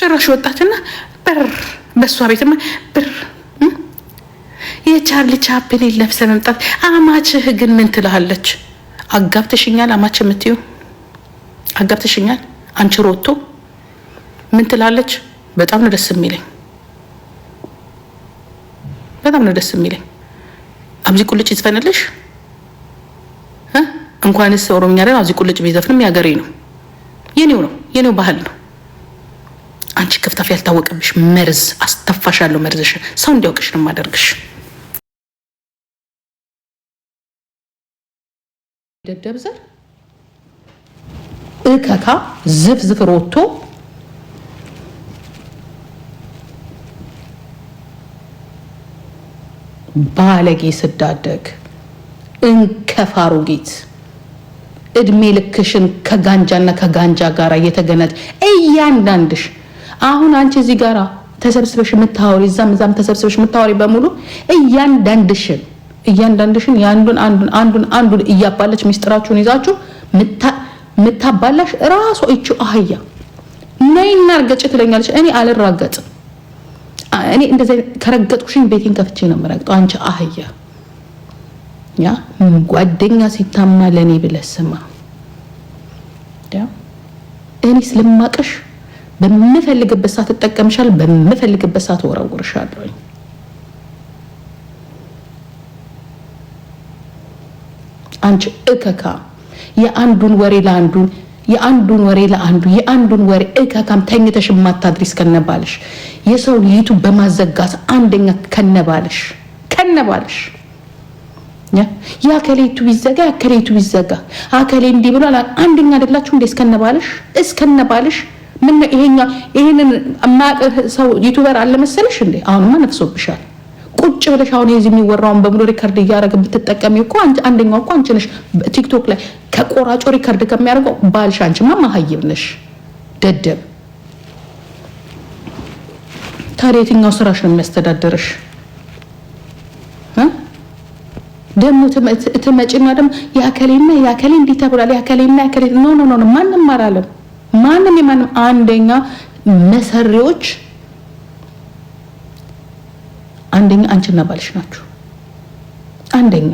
ጭራሽ ወጣትና ብር በእሷ ቤትማ ብር የቻርሊ ቻፕን ለብሰ መምጣት። አማችህ ግን ምን ትልሃለች? አጋብተሽኛል አማች የምትዩ አጋብተሽኛል። አንቺ ሮቶ ምን ትላለች? በጣም ነው ደስ የሚለኝ፣ በጣም ነው ደስ የሚለኝ። አብዚ ቁልጭ ይዝፈንልሽ። እንኳንስ ኦሮምኛ አይደል አብዚ ቁልጭ ቢዘፍንም ያገሬ ነው፣ የኔው ነው፣ የኔው ባህል ነው። አንቺ ክፍታፊ ያልታወቀምሽ መርዝ አስተፋሻለሁ። መርዝሽ ሰው እንዲያውቅሽ ነው የማደርግሽ። ደደብ ዘር እከካ ዝፍዝፍ ሮቶ ባለጌ ስዳደግ እንከፋሩ ጌት እድሜ ልክሽን ከጋንጃና ከጋንጃ ጋር እየተገነጥ እያንዳንድሽ አሁን አንቺ እዚህ ጋራ ተሰብስበሽ የምታወሪ እዛም እዛም ተሰብስበሽ የምታወሪ በሙሉ እያንዳንድሽን እያንዳንድሽን የአንዱን አንዱን አንዱን አንዱን እያባለች ሚስጥራችሁን ይዛችሁ ምታባላሽ ራሷ ይቺ አህያ ነይና እርገጭ ትለኛለች። እኔ አልራገጥም። እኔ እንደዚህ ከረገጥኩሽኝ ቤቴን ከፍቼ ነው የምረግጠው። አንቺ አህያ ያ ጓደኛ ሲታማ ለእኔ ብለህ ስማ። እኔ ስለማቀሽ በምፈልግበት ሰዓት እጠቀምሻለሁ፣ በምፈልግበት ሰዓት ወረውርሻለሁ። አንቺ እከካ የአንዱን ወሬ ለአንዱን የአንዱን ወሬ ለአንዱ የአንዱን ወሬ እከካም ተኝተሽ የማታድሪስ ከነባልሽ የሰው ዩቱብ በማዘጋት አንደኛ ከነባልሽ ከነባልሽ የአከሌቱ ቢዘጋ የአከሌቱ ቢዘጋ አከሌ እንዲህ ብሏል አንደኛ አይደላችሁ እንዴ እስከነባልሽ እስከነባልሽ ምን ይሄኛ ይሄንን የማያውቅ ሰው ዩቱበር መሰለሽ እንዴ? አሁንማ ነፍሶብሻል። ቁጭ ብለሽ አሁን የዚህ የሚወራውን በሙሉ ሪከርድ እያደረገ ብትጠቀሚ እኮ አንደኛው እኮ አንቺ ነሽ። ቲክቶክ ላይ ከቆራጮ ሪከርድ ከሚያደርገው ባልሽ አንቺማ ማሀይብ ነሽ፣ ደደብ። ታዲያ የትኛው ስራሽ ነው የሚያስተዳደርሽ? ደግሞ ትመጭና ደግሞ የአከሌና የአከሌ እንዲህ ተብሏል፣ የአከሌና ያከሌ ኖ ኖ ኖ ማንም አላለም። ማንም የማንም አንደኛ መሰሪዎች አንደኛ አንቺና ባልሽ ናችሁ። አንደኛ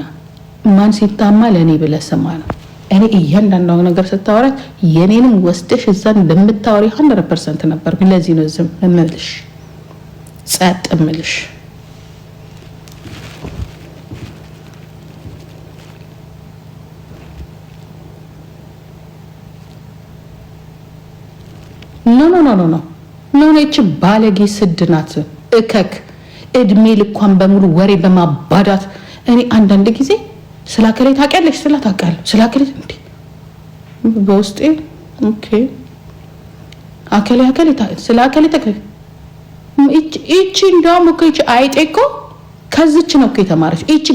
ማን ሲታማ ለእኔ ብለህ ስማ ነው። እኔ እያንዳንዳው ነገር ስታወራት የኔንም ወስደሽ እዛን እንደምታወሪ ሀንድረድ ፐርሰንት ነበር። ለዚህ ነው ዝም እምልሽ ጸጥ እምልሽ ኖ ኖ ኖ ኖ ኖ ነች ባለጌ ስድ ናት። እከክ እድሜ ልኳን በሙሉ ወሬ በማባዳት እኔ አንዳንድ ጊዜ ስላከሌ ታውቂያለሽ ስላ ታውቃለሁ ስላከሌ እንዴ በውስጤ ኦኬ አከሌ አከሌ ስለ አከሌ ተክ ይቺ እንዲያውም እኮ ይቺ አይጤ እኮ ከዝች ነው እኮ የተማረች ይቺ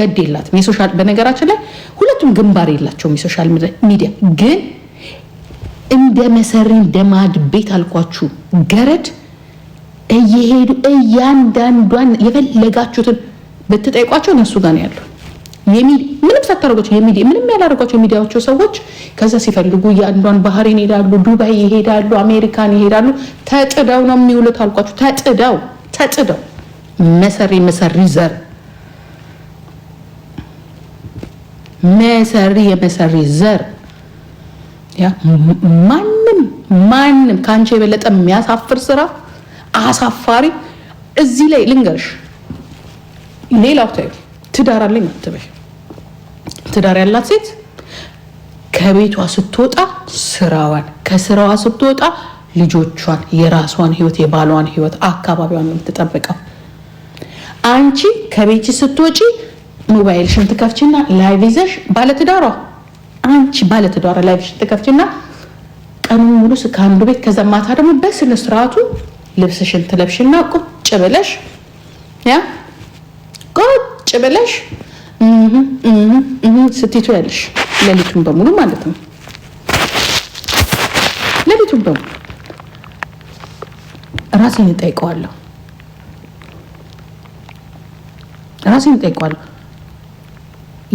ገድ የላትም። የሶሻል በነገራችን ላይ ሁለቱም ግንባር የላቸውም የሶሻል ሚዲያ ግን እንደ መሰሪ እንደ ማድ ቤት አልኳችሁ ገረድ እየሄዱ እያንዳንዷን የፈለጋችሁትን ብትጠይቋቸው እነሱ ጋር ነው ያለው። ምንም ሳታደርጓቸው ምንም ያላደርጓቸው የሚዲያዎቸው ሰዎች ከዛ ሲፈልጉ እያንዷን ባህሬን ይሄዳሉ፣ ዱባይ ይሄዳሉ፣ አሜሪካን ይሄዳሉ። ተጥደው ነው የሚውሉት አልኳችሁ። ተጥደው ተጥደው መሰሪ መሰሪ ዘር መሰሪ የመሰሪ ዘር ማንም ማንም ከአንቺ የበለጠ የሚያሳፍር ስራ አሳፋሪ እዚህ ላይ ልንገርሽ፣ ሌላው ታዩ ትዳር አለኝ አትበይ። ትዳር ያላት ሴት ከቤቷ ስትወጣ ስራዋን፣ ከስራዋ ስትወጣ ልጆቿን፣ የራሷን ህይወት፣ የባሏን ህይወት፣ አካባቢዋን ነው የምትጠብቀው። አንቺ ከቤት ስትወጪ ሞባይልሽን ትከፍቺና ላይቭ ይዘሽ ባለትዳሯ አንቺ ባለትዳር ላይፍሽን ትከፍቺና ቀኑ ሙሉ ከአንዱ ቤት ከዛ ማታ ደግሞ በስነ ስርዓቱ ልብስሽን ትለብሽና ቁጭ ብለሽ ያ ቁጭ ብለሽ ስትቱ ያለሽ ሌሊቱን በሙሉ ማለት ነው። ሌሊቱን በሙሉ ራሴን እጠይቀዋለሁ፣ ራሴን እጠይቀዋለሁ።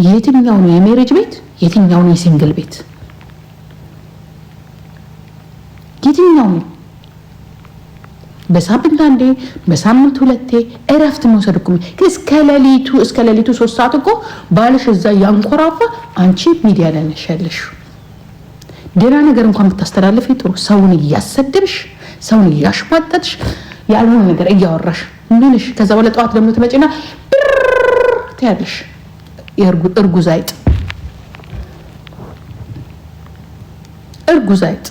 የትኛው ነው የሜሬጅ ቤት የትኛውን የሲንግል ቤት የትኛውን በሳምንት አንዴ በሳምንት ሁለቴ እረፍት መውሰድ እኮ እስከ ሌሊቱ እስከ ሌሊቱ ሶስት ሰዓት እኮ ባልሽ እዛ ያንኮራፋ፣ አንቺ ሚዲያ ላይ ነሽ ያለሽ። ደህና ነገር እንኳን ብታስተላልፍ ጥሩ። ሰውን እያሰደብሽ፣ ሰውን እያሽሟጠጥሽ፣ ያልሆነ ነገር እያወራሽ ምንሽ። ከዛ በኋላ ጠዋት ደግሞ ትመጪና ብር ትያለሽ እርጉዝ አይጥ እርጉዝ አይጥ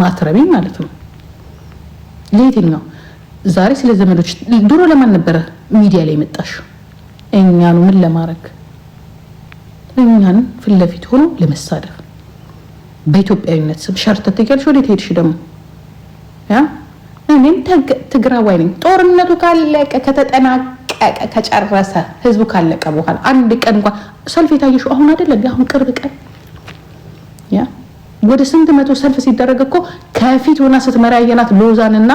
ማትረቢ ማለት ነው። ለየትኛው ዛሬ ስለ ዘመዶች ድሮ ለማን ነበረ ሚዲያ ላይ መጣሽ? እኛኑ ምን ለማድረግ እኛን ፊት ለፊት ሆኖ ለመሳደብ በኢትዮጵያዊነት ስም ሸርተት ትያለሽ። ወዴት ሄድሽ ደግሞ? እኔም ትግራዋይ ነኝ። ጦርነቱ ካለቀ ከተጠናቀቀ ከጨረሰ ህዝቡ ካለቀ በኋላ አንድ ቀን እንኳን ሰልፍ የታየሽው አሁን አይደለም? አሁን ቅርብ ቀን ወደ ስንት መቶ ሰልፍ ሲደረግ እኮ ከፊት ሆና ስትመራ ያየናት ሎዛንና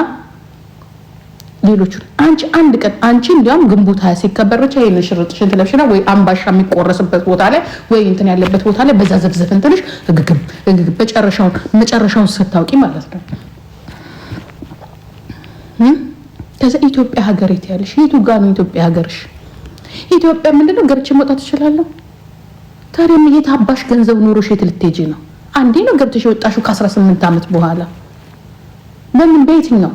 ሌሎቹን አንቺ አንድ ቀን አንቺ እንዲያውም ግንቦት ሀያ ሲከበር ብቻ ይህን ሽርጥሽን ትለብሽና ወይ አምባሻ የሚቆረስበት ቦታ ላይ ወይ እንትን ያለበት ቦታ ላይ በዛ ዘፍዘፍ እንትንሽ እግግም መጨረሻውን መጨረሻውን ስታውቂ ማለት ነው። ከዛ ኢትዮጵያ ሀገር የት ያለሽ? የቱ ጋ ነው ኢትዮጵያ ሀገርሽ? ኢትዮጵያ ምንድነው? ገርቼ መውጣት እችላለሁ። ታዲያ የት አባሽ ገንዘብ ኖሮሽ የት ልትሄጂ ነው? አንዴ ነው ገብተሽ የወጣሽው ከ18 ዓመት በኋላ በምን በየትኛው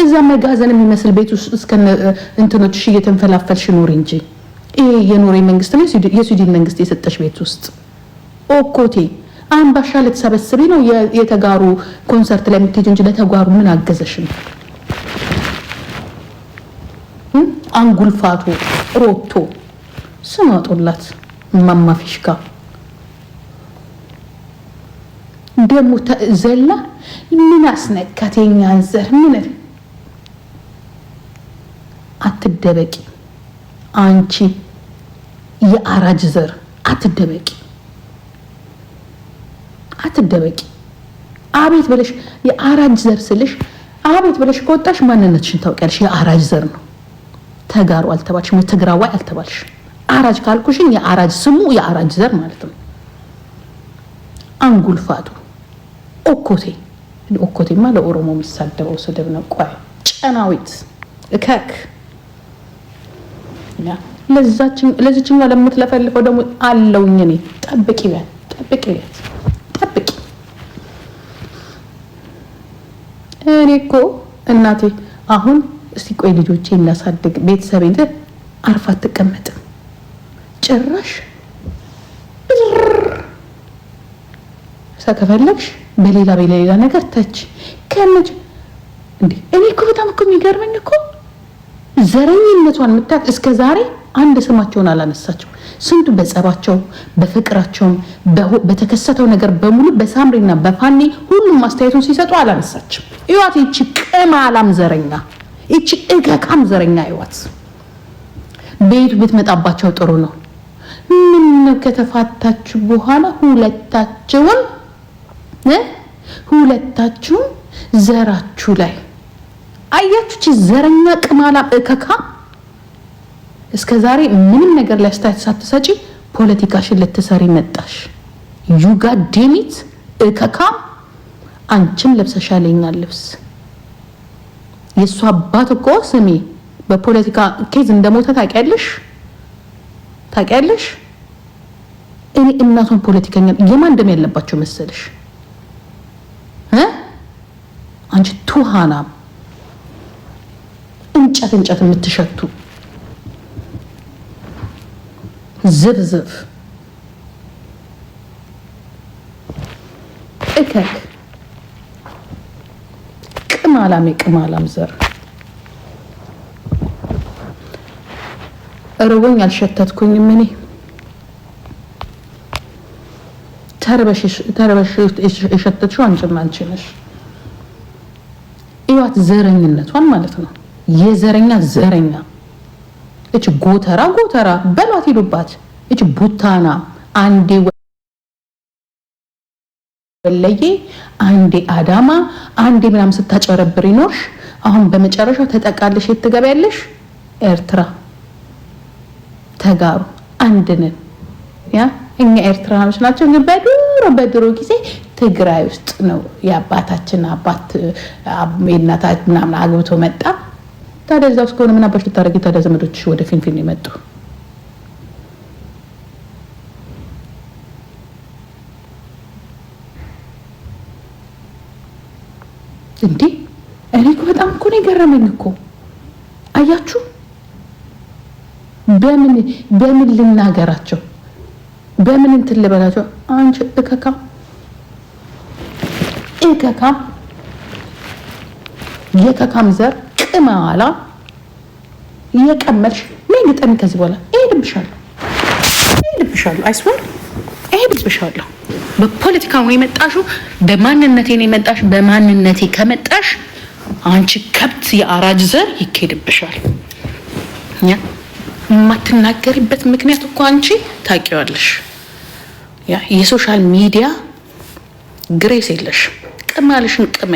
እዛ መጋዘን የሚመስል ቤት ውስጥ እስከ እንትኖችሽ እየተንፈላፈልሽ ኑሪ እንጂ ይሄ የኖሬ መንግስት ነው የስዊድን መንግስት የሰጠሽ ቤት ውስጥ ኦኮቴ አምባሻ ልትሰበስቢ ነው የተጋሩ ኮንሰርት ላይ የምትሄጂ እንጂ ለተጓሩ ምን አገዘሽ ነው? አንጉልፋቶ ሮቶ ስማጦላት ማማፊሽካ ደሞ ዘላ ምን አስነካት? የኛን ዘር ምን አትደበቂ። አንቺ የአራጅ ዘር አትደበቂ፣ አትደበቂ። አቤት ብለሽ የአራጅ ዘር ስልሽ አቤት ብለሽ ከወጣሽ ማንነትሽን ታውቂያለሽ። የአራጅ ዘር ነው። ተጋሩ አልተባልሽ፣ ትግራዋይ አልተባልሽ። አራጅ ካልኩሽን የአራጅ ስሙ የአራጅ ዘር ማለት ነው። አንጉልፋቱ ኦኮቴ ኦኮቴማ ለኦሮሞ የሚሳደበው ስድብ ነው። ቆይ ጨናዊት እከክ ለዚችኛ ለምትለፈልፈው ደግሞ አለውኝ እኔ ጠብቂ ቢያት ጠብቂ ቢያት ጠብቂ። እኔ እኮ እናቴ አሁን እስቲ ቆይ ልጆቼ እናሳድግ ቤተሰቤን አርፋ አትቀመጥም ጭራሽ ሰከፈለግሽ በሌላ በሌላ ነገር ተች ከመች እንዴ እኔ እኮ በጣም እኮ የሚገርመኝ እኮ ዘረኝነቷን የምታቅ እስከ ዛሬ አንድ ስማቸውን አላነሳቸው። ስንቱ በጸባቸው በፍቅራቸውም በተከሰተው ነገር በሙሉ በሳምሪና በፋኔ ሁሉም አስተያየቱን ሲሰጡ አላነሳቸው። እዋት ይቺ ቅማላም ዘረኛ፣ ይቺ እገቃም ዘረኛ ይዋት ቤቱ ብትመጣባቸው ጥሩ ነው። ምን ከተፋታችሁ በኋላ ሁለታቸውን ሁለታችሁም ዘራችሁ ላይ አያችሁች ዘረኛ ቅማላ እከካ እስከ ዛሬ ምንም ነገር ላይ አስተያየት ሳትሰጪ ፖለቲካሽን ልትሰሪ መጣሽ። ዩጋ ዴሚት እከካ አንቺም ለብሰሻል የኛን ልብስ። የእሱ አባት እኮ ስሜ በፖለቲካ ኬዝ እንደሞተ ታውቂያለሽ ታውቂያለሽ። እኔ እናቷን ፖለቲከኛ የማን ደም ያለባቸው መሰለሽ? አንቺ ቱሃና እንጨት እንጨት የምትሸቱ ዝብዝብ እከክ ቅማላም የቅማላም ዘር እርቦኝ አልሸተትኩኝም እኔ ተርበሽ የሸተትሽው አንቺም አንቺ ነሽ። እዩት ዘረኝነቷን ማለት ነው። የዘረኛ ዘረኛ እች ጎተራ ጎተራ በሏት ሄዱባት። እች ቡታና አንዴ ወለዬ አንዴ አዳማ አንዴ ምናምን ስታጨረብር ይኖርሽ። አሁን በመጨረሻው ተጠቃለሽ የት ትገቢያለሽ? ኤርትራ ተጋሩ አንድንን ያ እኛ ኤርትራኖች ናቸው። ግን በድሮ በድሮ ጊዜ ትግራይ ውስጥ ነው የአባታችን አባት የእናታችን ምናምን አግብቶ መጣ። ታዲያ እዛ ውስጥ ከሆነ ምን አባሽ ልታደርጊ? ታዲያ ወደ ፊንፊን የመጡ እንዴ? እኔ በጣም እኮ ነው የገረመኝ እኮ አያችሁ። በምን በምን ልናገራቸው? በምን እንትን ልበላቸው? አንቺ እከካ እንከካም የከካም ዘር ቅማላ እየቀመልሽ ምን ግጠሚ። ከዚህ በኋላ እሄድብሻለሁ፣ እሄድብሻለሁ፣ አይስበር እሄድብሻለሁ። በፖለቲካ ነው የመጣሽው፣ በማንነቴ ነው የመጣሽ። በማንነቴ ከመጣሽ አንቺ ከብት የአራጅ ዘር ይካሄድብሻል። የማትናገሪበት ምክንያት እኮ አንቺ ታውቂዋለሽ። የሶሻል ሚዲያ ግሬስ የለሽም። ቅም ያልሽን ቅሜ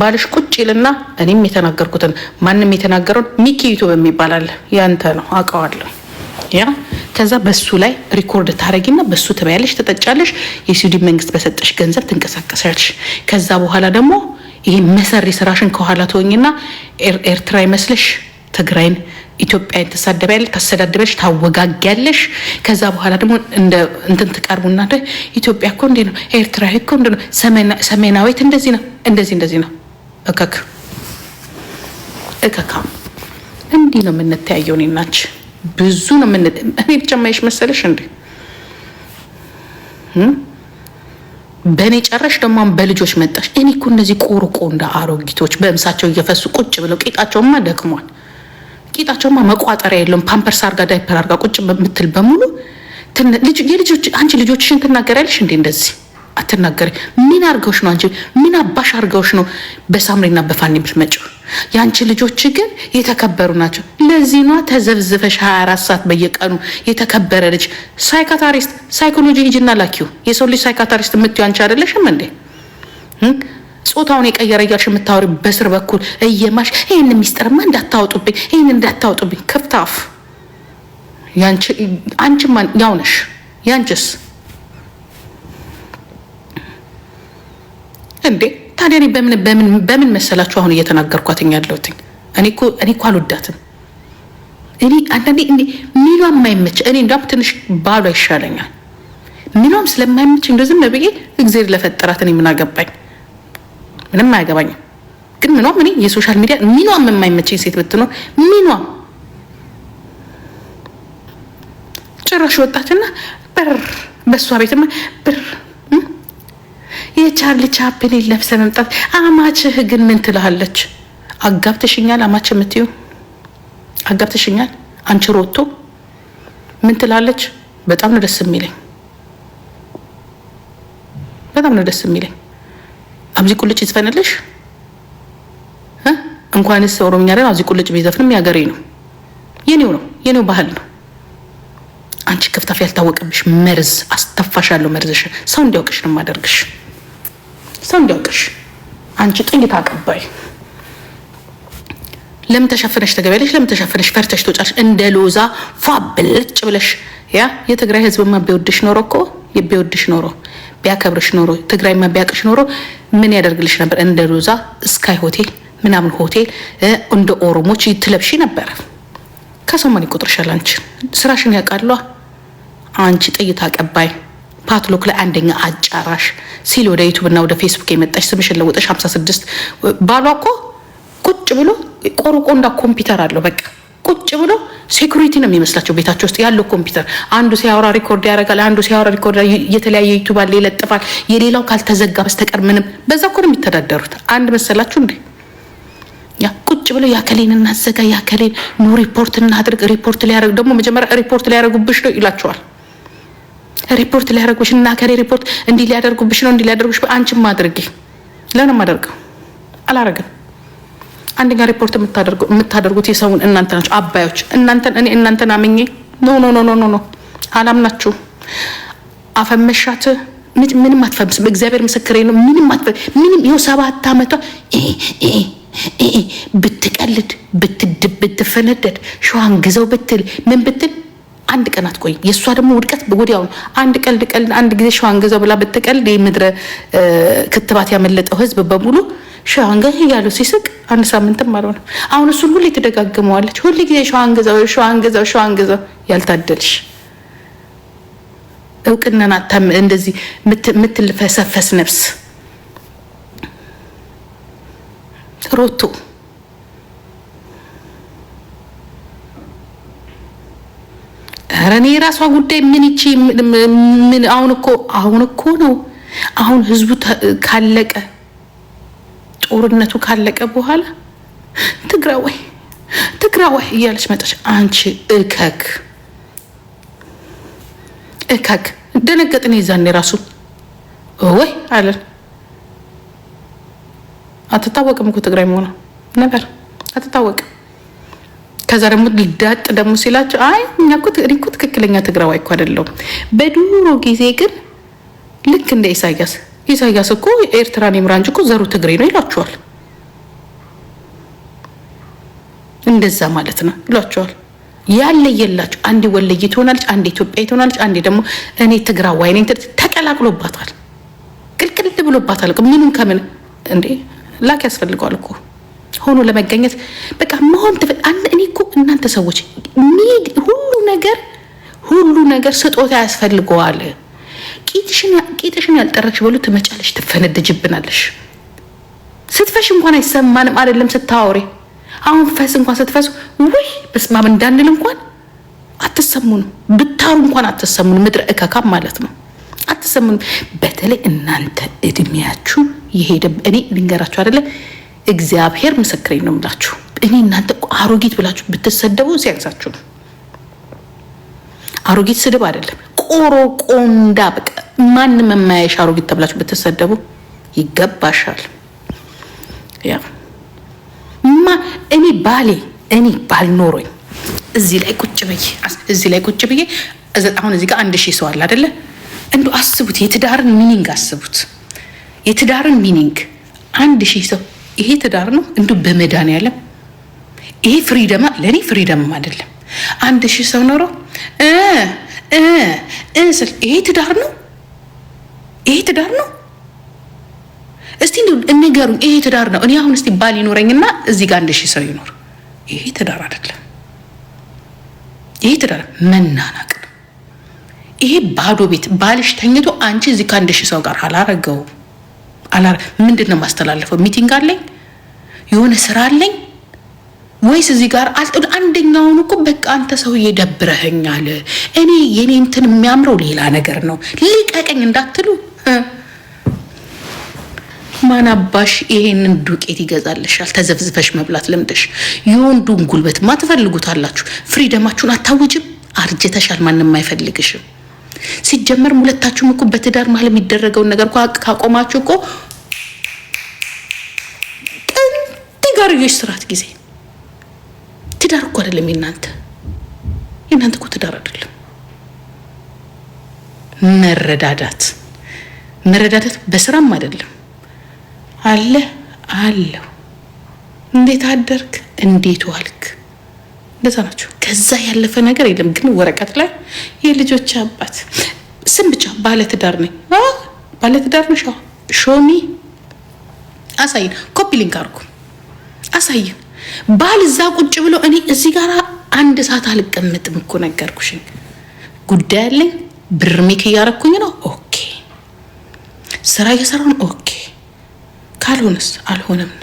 ባልሽ ቁጭ ይልና እኔም የተናገርኩትን ማንም የተናገረውን ሚኪ ዩቱብ የሚባል አለ ያንተ ነው አውቀዋለሁ። ያ ከዛ በሱ ላይ ሪኮርድ ታደረጊና በሱ ትበያለሽ፣ ትጠጫለሽ፣ የስዊድን መንግስት በሰጠሽ ገንዘብ ትንቀሳቀሳለሽ። ከዛ በኋላ ደግሞ ይህ መሰሪ ስራሽን ከኋላ ትሆኝና ኤርትራ ይመስለሽ ትግራይን ኢትዮጵያን ተሳደቢያለሽ፣ ታስተዳድበሽ፣ ታወጋጊያለሽ። ከዛ በኋላ ደግሞ እንትን ትቀርቡና ኢትዮጵያ እኮ እንዲህ ነው፣ ኤርትራ እኮ እንዲህ ነው፣ ሰሜናዊት እንደዚህ ነው፣ እንደዚህ እንደዚህ ነው። እከክ እከካ እንዲህ ነው የምንተያየው። ኔናች ብዙ ነው ምን እኔ ብቻ ማየሽ መሰለሽ እንዴ? በእኔ ጨረሽ ደግሞ በልጆች መጣሽ። እኔ እኮ እነዚህ ቆርቆ እንደ አሮጊቶች በእምሳቸው እየፈሱ ቁጭ ብለው ቂጣቸውማ ደክሟል። ቂጣቸውማ መቋጠሪያ የለውም። ፓምፐርስ አርጋ ዳይፐር አርጋ ቁጭ በምትል በሙሉ አንቺ ልጆችሽን ትናገሪያለሽ እንዴ? እንደዚህ አትናገሪ። ምን አርገውሽ ነው አንቺ? ምን አባሽ አርገውሽ ነው በሳምሪና በፋኒ የምትመጪው? የአንቺ ልጆች ግን የተከበሩ ናቸው። ለዚህ ኗ ተዘብዝፈሽ 24 ሰዓት በየቀኑ የተከበረ ልጅ ሳይካታሪስት፣ ሳይኮሎጂ ልጅና ላኪው። የሰው ልጅ ሳይካታሪስት የምትይው አንቺ አይደለሽም እንዴ? ጾታውን የቀየረ እያልሽ የምታወሪ በስር በኩል እየማሽ ይህን ሚስጥርማ እንዳታወጡብኝ፣ ይህን እንዳታወጡብኝ። ክፍታፍ አንቺማ ያው ነሽ። ያንቺስ እንዴ ታዲያ እኔ በምን መሰላችሁ አሁን እየተናገርኳትኝ ያለሁትኝ? እኔ እኮ አልወዳትም። እኔ አንዳንዴ እኔ ሚሏም ማይመች እኔ እንዳውም ትንሽ ባሏ ይሻለኛል። ሚሏም ስለማይመች እንደዝም ብዬ እግዜር ለፈጠራት እኔ ምን አገባኝ? ምንም አያገባኝም። ግን ምኗም እኔ የሶሻል ሚዲያ ሚኗም የማይመቸኝ ሴት ብትኖር ሚኗም ጭራሽ ወጣችና ብር በእሷ ቤትማ ብር የቻርሊ ቻፕሊን ለብሰ መምጣት። አማችህ ግን ምን ትልሃለች? አጋብተሽኛል አማች የምትዩ አጋብተሽኛል አንቺ ሮቶ ምን ትላለች? በጣም ነው ደስ የሚለኝ፣ በጣም ነው ደስ የሚለኝ። አብዚ ቁልጭ ይዝፈንልሽ። እንኳንስ ኦሮምኛ ላይ አብዚ ቁልጭ ቢዘፍንም ያገሬ ነው፣ የኔው ነው፣ የኔው ባህል ነው። አንቺ ክፍታፍ ያልታወቀብሽ መርዝ አስተፋሻለሁ። መርዝሽ ሰው እንዲያውቅሽ ነው ማደርግሽ፣ ሰው እንዲያውቅሽ። አንቺ ጥይት አቀባይ ለምን ተሸፍነሽ ተገቢያለሽ? ለምን ተሸፍነሽ ፈርተሽ ትወጫለሽ? እንደ ሎዛ ፏ ብልጭ ብለሽ ያ የትግራይ ህዝብማ ቢወድሽ ኖሮ እኮ ቢወድሽ ኖሮ ቢያከብርሽ ኖሮ ትግራይ ቢያቅሽ ኖሮ ምን ያደርግልሽ ነበር? እንደ ሮዛ ስካይ ሆቴል ምናምን ሆቴል እንደ ኦሮሞች ትለብሽ ነበር ከሰው ማን ይቆጥርሻል? አንቺ ስራሽን ያውቃሏ አንቺ ጥይት አቀባይ፣ ፓትሎክ ላይ አንደኛ አጫራሽ ሲል ወደ ዩቱብ እና ወደ ፌስቡክ የመጣሽ ስምሽን ለውጠሽ 56 ባሏ እኮ ቁጭ ብሎ ቆርቆ እንዳ ኮምፒውተር አለው በቃ ቁጭ ብሎ ሴኩሪቲ ነው የሚመስላቸው ቤታቸው ውስጥ ያለው ኮምፒውተር። አንዱ ሲያወራ ሪኮርድ ያደርጋል፣ አንዱ ሲያወራ ሪኮርድ የተለያየ ዩቱብ አለ ይለጥፋል። የሌላው ካልተዘጋ በስተቀር ምንም። በዛ እኮ ነው የሚተዳደሩት። አንድ መሰላችሁ እንዴ? ያ ቁጭ ብለው ያከሌን እናዘጋ፣ ያከሌን ኑ ሪፖርት እናድርግ። ሪፖርት ሊያደርግ ደግሞ መጀመሪያ ሪፖርት ሊያደርጉብሽ ነው ይላቸዋል። ሪፖርት ሊያደርጉብሽ እና ከሌ ሪፖርት እንዲህ ሊያደርጉብሽ ነው እንዲህ ሊያደርጉብሽ። አንቺም አድርጊ። ለምን አደርገው አላረግም አንደኛ ሪፖርት የምታደርጉት የሰውን እናንተ ናቸው፣ አባዮች። እናንተን እኔ እናንተን አምኜ ኖ ኖ ኖ ኖ ኖ አላምናችሁ። አፈመሻት ምንም አትፈምስ። በእግዚአብሔር ምስክሬ ነው። ምንም አትፈ ምንም ይኸው ሰባት ዓመቷ ብትቀልድ ብትድብ ብትፈነደድ ሸዋን ግዘው ብትል ምን ብትል አንድ ቀን አትቆይም። የእሷ ደግሞ ውድቀት ወዲያው አንድ ቀልድ ቀልድ አንድ ጊዜ ሸዋን ገዛው ብላ ብትቀልድ የምድረ ክትባት ያመለጠው ህዝብ በሙሉ ሸዋን ገዛ እያሉ ሲስቅ አንድ ሳምንትም አልሆነም። አሁን እሱን ሁሌ ትደጋግመዋለች። ሁ ጊዜ ሸዋን ገዛው፣ ሸዋን ገዛው፣ ሸዋን ገዛው። ያልታደልሽ እውቅናን አታም እንደዚህ የምትልፈሰፈስ ነፍስ ሮቶ ኧረ እኔ የራሷ ጉዳይ ምን ይቺ ምን አሁን እኮ አሁን እኮ ነው አሁን ህዝቡ ካለቀ ጦርነቱ ካለቀ በኋላ ትግራዋይ ትግራዋይ እያለች መጣች። አንቺ እከክ እከክ ደነገጥን። የዛኔ ራሱ ወይ አለን አትታወቅም እኮ ትግራይ መሆኗ ነበር አትታወቅም። ከዛ ደግሞ ልዳጥ ደግሞ ሲላቸው አይ እኛ እኮ ትክክለኛ ትግራዋይ እኮ አይደለሁም። በድሮ ጊዜ ግን ልክ እንደ ኢሳያስ ኢሳያስ እኮ ኤርትራን የምራንጅ እኮ ዘሩ ትግሬ ነው ይሏቸዋል። እንደዛ ማለት ነው ይሏቸዋል። ያለየላቸው አንዴ ወለየ ትሆናለች፣ አንዴ ኢትዮጵያ ትሆናለች፣ አንዴ ደግሞ እኔ ትግራዋይ ነኝ ተቀላቅሎባታል። ቅልቅል ብሎባታል። ምንም ከምን እንዴ ላክ ያስፈልገዋል እኮ ሆኖ ለመገኘት በቃ መሆን ትፈ እኔ እናንተ ሰዎች ሁሉ ነገር ሁሉ ነገር ስጦታ ያስፈልገዋል። ቂጥሽን ያልጠረግሽ በሉ ትመጫለሽ፣ ትፈነድጅብናለሽ። ስትፈሽ እንኳን አይሰማንም፣ አይደለም ስታወሪ አሁን ፈስ እንኳን ስትፈሱ ወይ በስማም እንዳንል እንኳን አትሰሙንም። ብታሩ እንኳን አትሰሙን። ምድረ እከካም ማለት ነው አትሰሙንም። በተለይ እናንተ እድሜያችሁ የሄደ እኔ ልንገራችሁ አይደለ እግዚአብሔር ምስክሬ ነው የምላችሁ እኔ እናንተ አሮጊት ብላችሁ ብትሰደቡ ሲያግዛችሁ ነው። አሮጊት ስድብ አይደለም፣ ቆሮ ቆንዳ፣ በቃ ማንም የማያይሽ አሮጊት ተብላችሁ ብትሰደቡ ይገባሻል። ያ ማ እኔ ባሌ እኔ ባልኖረኝ እዚህ ላይ ቁጭ ብዬ እዚህ ላይ ቁጭ ብዬ አሁን እዚህ ጋር አንድ ሺህ ሰው አለ አደለ? እንዱ አስቡት፣ የትዳርን ሚኒንግ አስቡት፣ የትዳርን ሚኒንግ አንድ ሺህ ሰው ይሄ ትዳር ነው እንዱ በመዳን ያለም ይሄ ፍሪደም ለእኔ ፍሪደምም አይደለም። አንድ ሺህ ሰው ኖሮ ስል ይሄ ትዳር ነው? ይሄ ትዳር ነው? እስቲ ንገሩኝ። ይሄ ትዳር ነው? እኔ አሁን እስቲ ባል ይኖረኝና እዚህ ጋር አንድ ሺህ ሰው ይኖር፣ ይሄ ትዳር አይደለም። ይሄ ትዳር መናናቅ ነው። ይሄ ባዶ ቤት ባልሽ ተኝቶ አንቺ እዚህ ከአንድ ሺህ ሰው ጋር አላረገውም። ምንድን ነው ማስተላለፈው? ሚቲንግ አለኝ፣ የሆነ ስራ አለኝ ወይስ እዚህ ጋር አንደኛውን እኮ በቃ አንተ ሰውዬ ደብረኸኛል፣ እኔ የኔ እንትን የሚያምረው ሌላ ነገር ነው ሊቀቀኝ እንዳትሉ ማን አባሽ ይሄንን ዱቄት ይገዛልሻል? ተዘፍዝፈሽ መብላት ለምደሽ የወንዱን ጉልበትማ ትፈልጉታላችሁ። ፍሪደማችሁን አታውጅም። አርጅተሻል። ማንም አይፈልግሽም። ሲጀመርም ሁለታችሁም እኮ በትዳር መሀል የሚደረገውን ነገር ካቆማችሁ እኮ ጥንት ጋርዮሽ ስርዓት ጊዜ ትዳር እኮ አይደለም የእናንተ የእናንተ እኮ ትዳር አይደለም። መረዳዳት መረዳዳት በስራም አይደለም አለ አለው እንዴት አደርክ፣ እንዴት ዋልክ፣ እንደዛ ናቸው። ከዛ ያለፈ ነገር የለም። ግን ወረቀት ላይ የልጆች አባት ስም ብቻ ባለትዳር ነኝ ባለትዳር ነው። ሾሚ አሳይን፣ ኮፒ ሊንክ አድርጉ አሳይን ባል እዛ ቁጭ ብሎ እኔ እዚህ ጋር አንድ ሰዓት አልቀመጥም እኮ ነገርኩሽን። ጉዳይ አለኝ፣ ብርሜክ እያረኩኝ ነው። ኦኬ ስራ እየሰራ ነው። ኦኬ ካልሆነስ አልሆነም ነው።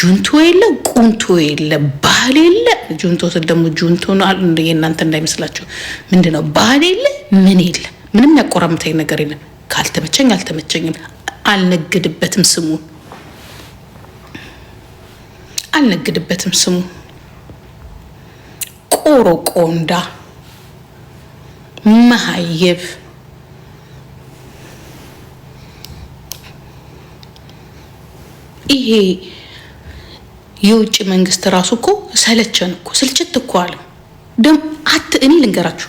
ጁንቶ የለ ቁንቶ የለ ባህል የለ። ጁንቶ ስል ደግሞ ጁንቶ የእናንተ እንዳይመስላችሁ። ምንድነው ባህል የለ ምን የለ ምንም ያቆራምተኝ ነገር የለም። ካልተመቸኝ አልተመቸኝም፣ አልነግድበትም ስሙን አልነግድበትም። ስሙ ቆሮ ቆንዳ መሀይብ ይሄ የውጭ መንግስት ራሱ እኮ ሰለቸን እኮ ስልችት እኮ አለ። ደም አት እኔ ልንገራችሁ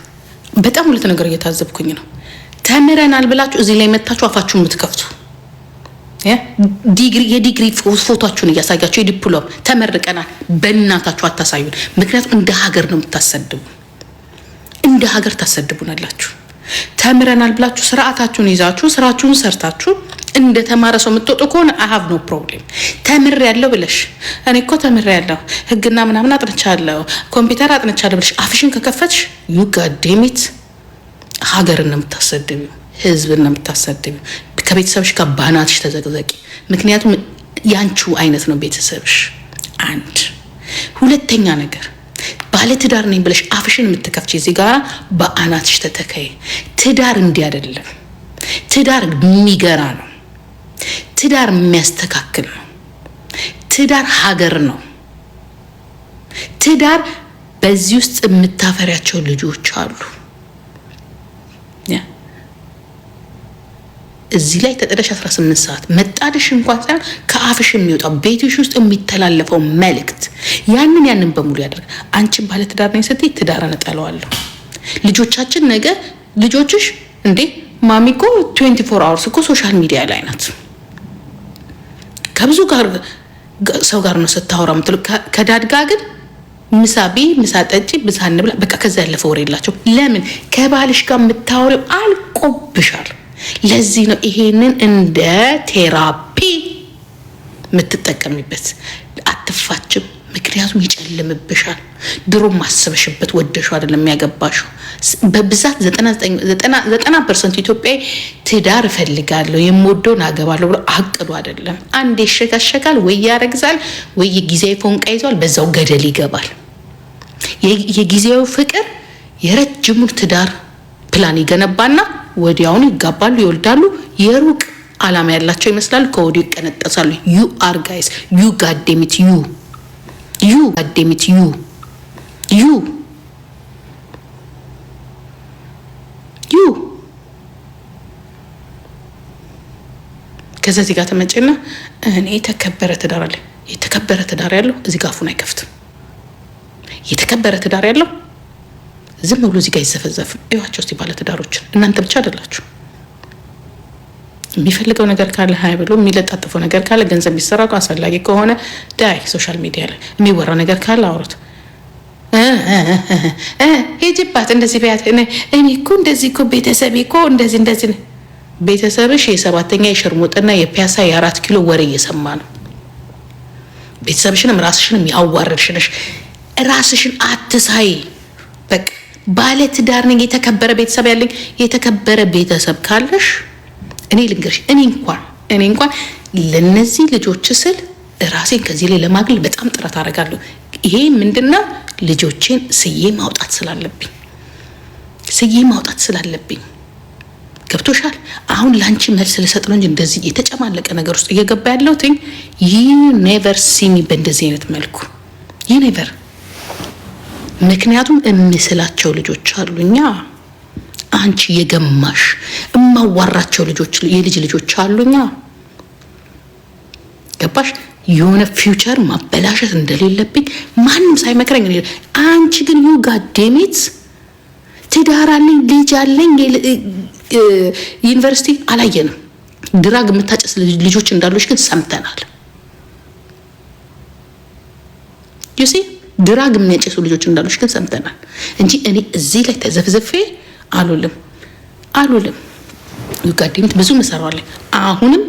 በጣም ሁለት ነገር እየታዘብኩኝ ነው። ተምረናል ብላችሁ እዚህ ላይ መታችሁ አፋችሁ የምትከፍቱ ዲግሪ የዲግሪ ፎቶችሁን እያሳያቸው የዲፕሎም ተመርቀናል። በእናታችሁ አታሳዩን። ምክንያቱም እንደ ሀገር ነው የምታሰድቡ፣ እንደ ሀገር ታሰድቡናላችሁ። ተምረናል ብላችሁ ስርዓታችሁን ይዛችሁ ስራችሁን ሰርታችሁ እንደ ተማረ ሰው የምትወጡ ከሆነ አሀብ ኖ ፕሮብሌም። ተምር ያለው ብለሽ እኔ እኮ ተምር ያለው ህግና ምናምን አጥንቻለሁ ኮምፒውተር አጥንቻለሁ ብለሽ አፍሽን ከከፈትሽ ዩ ዴሚት ሀገርን ነው የምታሰድቢው፣ ህዝብን ነው የምታሰድቢው። ከቤተሰብሽ ጋር ባናትሽ ተዘቅዘቂ። ምክንያቱም ያንቹ አይነት ነው ቤተሰብሽ። አንድ ሁለተኛ ነገር ባለትዳር ነኝ ብለሽ አፍሽን የምትከፍች እዚህ ጋር በአናትሽ ተተከይ። ትዳር እንዲህ አይደለም። ትዳር የሚገራ ነው። ትዳር የሚያስተካክል ነው። ትዳር ሀገር ነው። ትዳር በዚህ ውስጥ የምታፈሪያቸው ልጆች አሉ። እዚህ ላይ ተጠደሽ 18 ሰዓት መጣደሽ እንኳን ሳይሆን ከአፍሽ የሚወጣው ቤትሽ ውስጥ የሚተላለፈው መልእክት ያንን ያንን በሙሉ ያደርጋል። አንቺን ባለ ትዳር ነኝ ስትይ ትዳር እነጠለዋለሁ። ልጆቻችን ነገ ልጆችሽ እንዴ ማሚ እኮ 24 አወርስ እኮ ሶሻል ሚዲያ ላይ ናት ከብዙ ጋር ሰው ጋር ነው ስታወራ ምትሉ ከዳድጋ ግን ምሳ ቤ ምሳ ጠጪ ምሳ እንብላ በቃ ከዛ ያለፈ ወሬ የላቸው። ለምን ከባልሽ ጋር የምታወሪው አልቆብሻል። ለዚህ ነው ይሄንን እንደ ቴራፒ የምትጠቀሚበት። አትፋችም፣ ምክንያቱም ይጨልምብሻል። ድሮ ማሰበሽበት ወደሹ አይደለም የሚያገባሽው። በብዛት ዘጠና ፐርሰንት ኢትዮጵያዊ ትዳር እፈልጋለሁ የምወደውን አገባለሁ ብሎ አቅዶ አይደለም። አንድ ይሸጋሸጋል፣ ወይ ያረግዛል፣ ወይ የጊዜያዊ ፎንቃ ይዘዋል፣ በዛው ገደል ይገባል። የጊዜያዊ ፍቅር የረጅሙን ትዳር ፕላን ይገነባና ወዲያውኑ ይጋባሉ፣ ይወልዳሉ። የሩቅ አላማ ያላቸው ይመስላል። ከወዲሁ ይቀነጠሳሉ። ዩ አር ጋይስ ዩ ጋዴሚት ዩ ዩ ጋዴሚት ዩ ዩ ዩ ከዛ እዚህ ጋር እኔ የተከበረ ትዳር አለ። የተከበረ ትዳር ያለው እዚህ ጋር አፉን አይከፍትም። የተከበረ ትዳር ያለው ዝም ብሎ እዚህ ጋር አይዘፈዘፍም። እዩዋቸው እስቲ ባለትዳሮችን፣ እናንተ ብቻ አይደላችሁ። የሚፈልገው ነገር ካለ ሀይ ብሎ የሚለጣጥፈው ነገር ካለ ገንዘብ የሚሰራ አስፈላጊ ከሆነ ዳይ ሶሻል ሚዲያ ላይ የሚወራው ነገር ካለ አውሩት። ሄጅባት እንደዚህ በያት። እኔ እኮ እንደዚህ እኮ ቤተሰብ እኮ እንደዚህ እንደዚህ ነው። ቤተሰብሽ የሰባተኛ የሸርሙጥና የፒያሳ የአራት ኪሎ ወሬ እየሰማ ነው። ቤተሰብሽንም ራስሽንም ያዋረድሽ ነሽ። ራስሽን አትሳይ በቃ ባለ ትዳር ነኝ፣ የተከበረ ቤተሰብ ያለኝ። የተከበረ ቤተሰብ ካለሽ እኔ ልንገርሽ፣ እኔ እንኳን እኔ እንኳን ለነዚህ ልጆች ስል ራሴን ከዚህ ላይ ለማግለል በጣም ጥረት አደርጋለሁ። ይሄ ምንድነው ልጆቼን ስዬ ማውጣት ስላለብኝ ስዬ ማውጣት ስላለብኝ ገብቶሻል። አሁን ለአንቺ መልስ ልሰጥ ነው እንጂ እንደዚህ የተጨማለቀ ነገር ውስጥ እየገባ ያለሁት ዩ ኔቨር ሲሚ በእንደዚህ አይነት መልኩ ዩ ኔቨር ምክንያቱም እምስላቸው ልጆች አሉኛ አንቺ የገማሽ እማዋራቸው ልጆች የልጅ ልጆች አሉኛ ገባሽ የሆነ ፊውቸር ማበላሸት እንደሌለብኝ ማንም ሳይመክረኝ አንቺ ግን ዩ ጋዴሜት ትዳር አለኝ ልጅ አለኝ ዩኒቨርሲቲ አላየንም ድራግ የምታጨስ ልጆች እንዳሉች ግን ሰምተናል ዩሲ ድራግ የሚያጨሱ ልጆች እንዳሉች ግን ሰምተናል እንጂ እኔ እዚህ ላይ ተዘፍዘፌ አሉልም አሉልም ዩጋዲምት ብዙ መሰራዋለን። አሁንም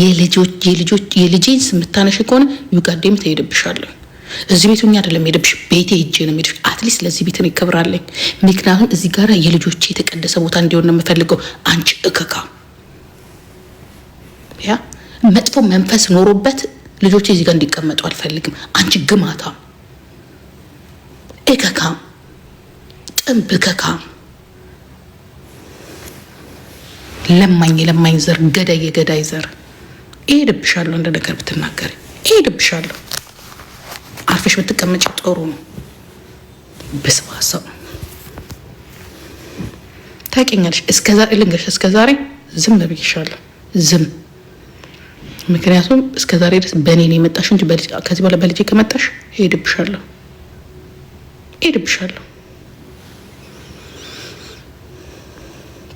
የልጆች የልጆች የልጄን ስምታነሽ ከሆነ ዩጋዲምት እሄድብሻለሁ። እዚህ ቤቱ እኛ አይደለም ሄደብሽ ቤቴ ሄጄ ነው ሄደብሽ። አትሊስት ለዚህ ቤት ነው ይከብራለኝ። ምክንያቱም እዚህ ጋር የልጆች የተቀደሰ ቦታ እንዲሆን ነው የምፈልገው። አንቺ እከካ ያ መጥፎ መንፈስ ኖሮበት ልጆች እዚህ ጋር እንዲቀመጡ አልፈልግም። አንቺ ግማታ እከካም ጥንብ እከካም ለማኝ የለማኝ ዘር ገዳይ የገዳይ ዘር እሄድብሻለሁ። እንደ ነገር ብትናገሪ እሄድብሻለሁ። አርፈሽ ብትቀመጭ ጥሩ ነው። ብስባሰው ታውቂኛለሽ። እስከዛሬ ልንገርሽ፣ እስከዛሬ ዝም ብዬሻለሁ። ዝም ምክንያቱም እስከዛሬ ድረስ በእኔ ነው የመጣሽ እንጂ ከዚህ በኋላ በልጄ ከመጣሽ እሄድብሻለሁ። ሄድብሻለሁ።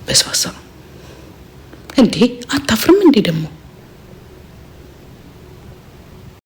በስባሳ እንዴ አታፍርም እንዴ ደግሞ